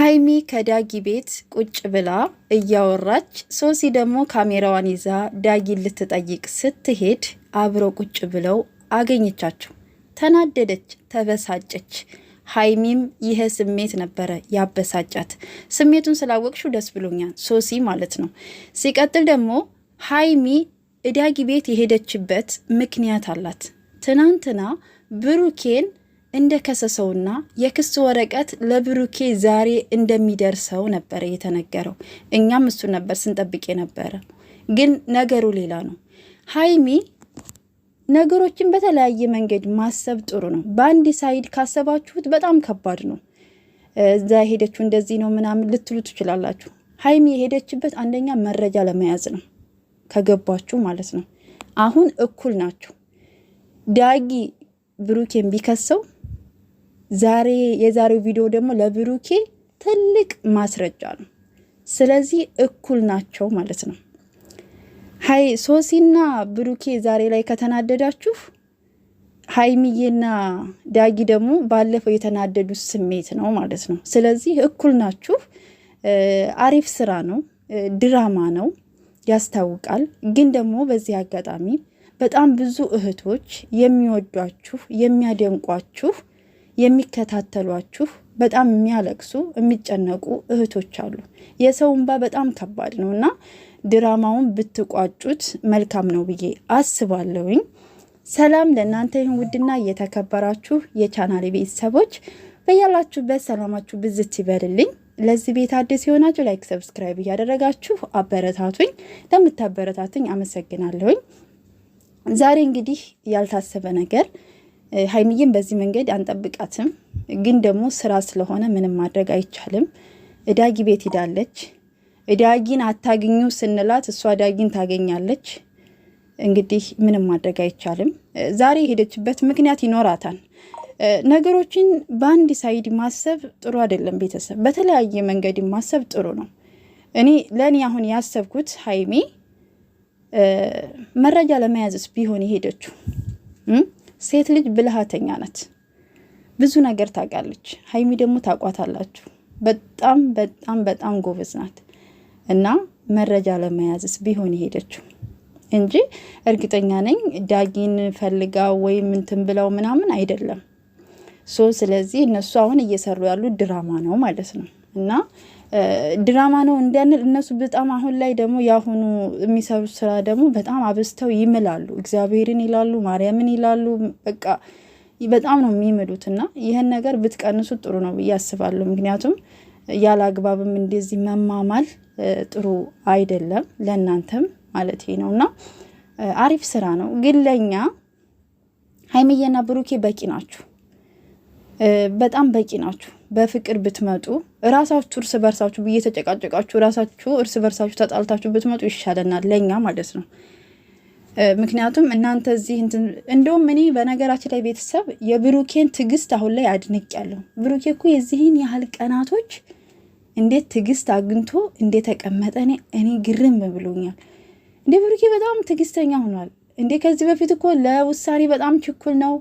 ሀይሚ ከዳጊ ቤት ቁጭ ብላ እያወራች ሶሲ ደግሞ ካሜራዋን ይዛ ዳጊ ልትጠይቅ ስትሄድ አብሮ ቁጭ ብለው አገኘቻቸው። ተናደደች፣ ተበሳጨች። ሀይሚም ይሄ ስሜት ነበረ ያበሳጫት። ስሜቱን ስላወቅሹ ደስ ብሎኛል ሶሲ ማለት ነው። ሲቀጥል ደግሞ ሀይሚ ዳጊ ቤት የሄደችበት ምክንያት አላት። ትናንትና ብሩኬን እንደ ከሰሰውና የክስ ወረቀት ለብሩኬ ዛሬ እንደሚደርሰው ነበረ የተነገረው። እኛም እሱ ነበር ስንጠብቅ ነበረ። ግን ነገሩ ሌላ ነው። ሀይሚ ነገሮችን በተለያየ መንገድ ማሰብ ጥሩ ነው። በአንድ ሳይድ ካሰባችሁት በጣም ከባድ ነው። እዛ የሄደችው እንደዚህ ነው ምናምን ልትሉ ትችላላችሁ። ሀይሚ የሄደችበት አንደኛ መረጃ ለመያዝ ነው፣ ከገባችሁ ማለት ነው። አሁን እኩል ናችሁ። ዳጊ ብሩኬን ቢከሰው ዛሬ የዛሬው ቪዲዮ ደግሞ ለብሩኬ ትልቅ ማስረጃ ነው። ስለዚህ እኩል ናቸው ማለት ነው። ሀይ ሶሲና ብሩኬ ዛሬ ላይ ከተናደዳችሁ ሀይሚዬና ዳጊ ደግሞ ባለፈው የተናደዱት ስሜት ነው ማለት ነው። ስለዚህ እኩል ናችሁ። አሪፍ ስራ ነው፣ ድራማ ነው ያስታውቃል። ግን ደግሞ በዚህ አጋጣሚ በጣም ብዙ እህቶች የሚወዷችሁ የሚያደንቋችሁ የሚከታተሏችሁ በጣም የሚያለቅሱ የሚጨነቁ እህቶች አሉ። የሰው እንባ በጣም ከባድ ነው እና ድራማውን ብትቋጩት መልካም ነው ብዬ አስባለሁኝ። ሰላም ለእናንተ ይሁን ውድና እየተከበራችሁ የቻናል ቤተሰቦች በያላችሁበት ሰላማችሁ ብዝት ይበልልኝ። ለዚህ ቤት አዲስ የሆናችሁ ላይክ፣ ሰብስክራይብ እያደረጋችሁ አበረታቱኝ። ለምታበረታቱኝ አመሰግናለሁኝ። ዛሬ እንግዲህ ያልታሰበ ነገር ሀይሚዬን በዚህ መንገድ አንጠብቃትም። ግን ደግሞ ስራ ስለሆነ ምንም ማድረግ አይቻልም። እዳጊ ቤት ሂዳለች። እዳጊን አታገኙ ስንላት እሷ ዳጊን ታገኛለች። እንግዲህ ምንም ማድረግ አይቻልም። ዛሬ የሄደችበት ምክንያት ይኖራታል። ነገሮችን በአንድ ሳይድ ማሰብ ጥሩ አይደለም። ቤተሰብ በተለያየ መንገድ ማሰብ ጥሩ ነው። እኔ ለእኔ አሁን ያሰብኩት ሀይሜ መረጃ ለመያዝስ ቢሆን የሄደችው ሴት ልጅ ብልሃተኛ ናት፣ ብዙ ነገር ታውቃለች። ሀይሚ ደግሞ ታቋታላችሁ በጣም በጣም በጣም ጎበዝ ናት እና መረጃ ለመያዝስ ቢሆን የሄደችው እንጂ እርግጠኛ ነኝ ዳጊን ፈልጋ ወይም እንትን ብለው ምናምን አይደለም። ሶ ስለዚህ እነሱ አሁን እየሰሩ ያሉ ድራማ ነው ማለት ነው። እና ድራማ ነው እንዲያንል እነሱ በጣም አሁን ላይ ደግሞ የአሁኑ የሚሰሩት ስራ ደግሞ በጣም አብዝተው ይምላሉ። እግዚአብሔርን ይላሉ፣ ማርያምን ይላሉ። በቃ በጣም ነው የሚምሉት እና ይህን ነገር ብትቀንሱት ጥሩ ነው ብዬ አስባለሁ። ምክንያቱም ያለ አግባብም እንደዚህ መማማል ጥሩ አይደለም፣ ለእናንተም ማለት ነው እና አሪፍ ስራ ነው ግን ለእኛ ሀይምዬና ብሩኬ በቂ ናችሁ። በጣም በቂ ናችሁ። በፍቅር ብትመጡ እራሳችሁ እርስ በርሳችሁ ብየተጨቃጨቃችሁ እራሳችሁ እርስ በርሳችሁ ተጣልታችሁ ብትመጡ ይሻለናል፣ ለእኛ ማለት ነው። ምክንያቱም እናንተ እዚህ እንደውም እኔ በነገራችን ላይ ቤተሰብ የብሩኬን ትዕግስት አሁን ላይ አድንቅ ያለው ብሩኬ እኮ የዚህን ያህል ቀናቶች እንዴት ትዕግስት አግኝቶ እንደተቀመጠ እኔ ግርም ብሎኛል። እንዴ ብሩኬ በጣም ትዕግስተኛ ሆኗል። እንዴ ከዚህ በፊት እኮ ለውሳኔ በጣም ችኩል ነው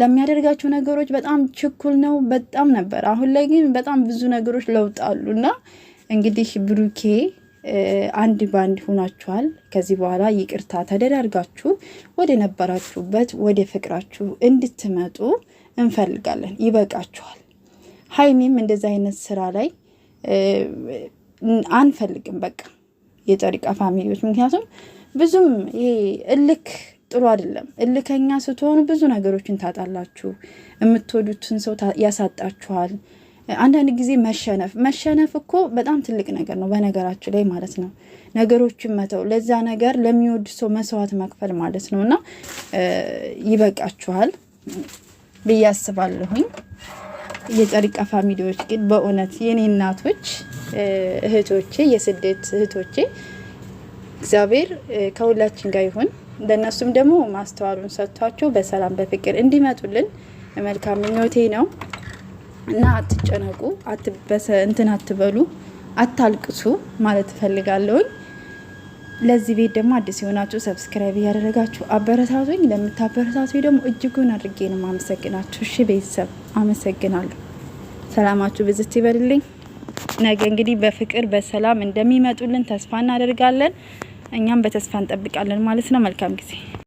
ለሚያደርጋቸው ነገሮች በጣም ችኩል ነው በጣም ነበር። አሁን ላይ ግን በጣም ብዙ ነገሮች ለውጥ አሉ እና እንግዲህ ብሩኬ አንድ ባንድ ሆናችኋል። ከዚህ በኋላ ይቅርታ ተደራርጋችሁ ወደ ነበራችሁበት ወደ ፍቅራችሁ እንድትመጡ እንፈልጋለን። ይበቃችኋል። ሀይሚም እንደዚህ አይነት ስራ ላይ አንፈልግም። በቃ የጠሪቃ ፋሚሊዎች ምክንያቱም ብዙም ይሄ እልክ ጥሩ አይደለም። እልከኛ ስትሆኑ ብዙ ነገሮችን ታጣላችሁ። የምትወዱትን ሰው ያሳጣችኋል። አንዳንድ ጊዜ መሸነፍ መሸነፍ እኮ በጣም ትልቅ ነገር ነው፣ በነገራችን ላይ ማለት ነው። ነገሮችን መተው ለዛ ነገር ለሚወድ ሰው መስዋዕት መክፈል ማለት ነው እና ይበቃችኋል ብዬ አስባለሁኝ። የጨሪቃ ፋሚሊዎች ግን በእውነት የኔ እናቶች እህቶቼ፣ የስደት እህቶቼ እግዚአብሔር ከሁላችን ጋር ይሁን። ለእነሱም ደግሞ ማስተዋሉን ሰጥቷቸው በሰላም በፍቅር እንዲመጡልን መልካም ምኞቴ ነው እና አትጨነቁ፣ እንትን አትበሉ፣ አታልቅሱ ማለት እፈልጋለሁኝ። ለዚህ ቤት ደግሞ አዲስ የሆናችሁ ሰብስክራይብ እያደረጋችሁ አበረታቱኝ። ለምታበረታቱኝ ደግሞ እጅጉን አድርጌ ነው አመሰግናችሁ። እሺ ቤተሰብ አመሰግናለሁ። ሰላማችሁ ብዝት ይበልልኝ። ነገ እንግዲህ በፍቅር በሰላም እንደሚመጡልን ተስፋ እናደርጋለን። እኛም በተስፋ እንጠብቃለን ማለት ነው። መልካም ጊዜ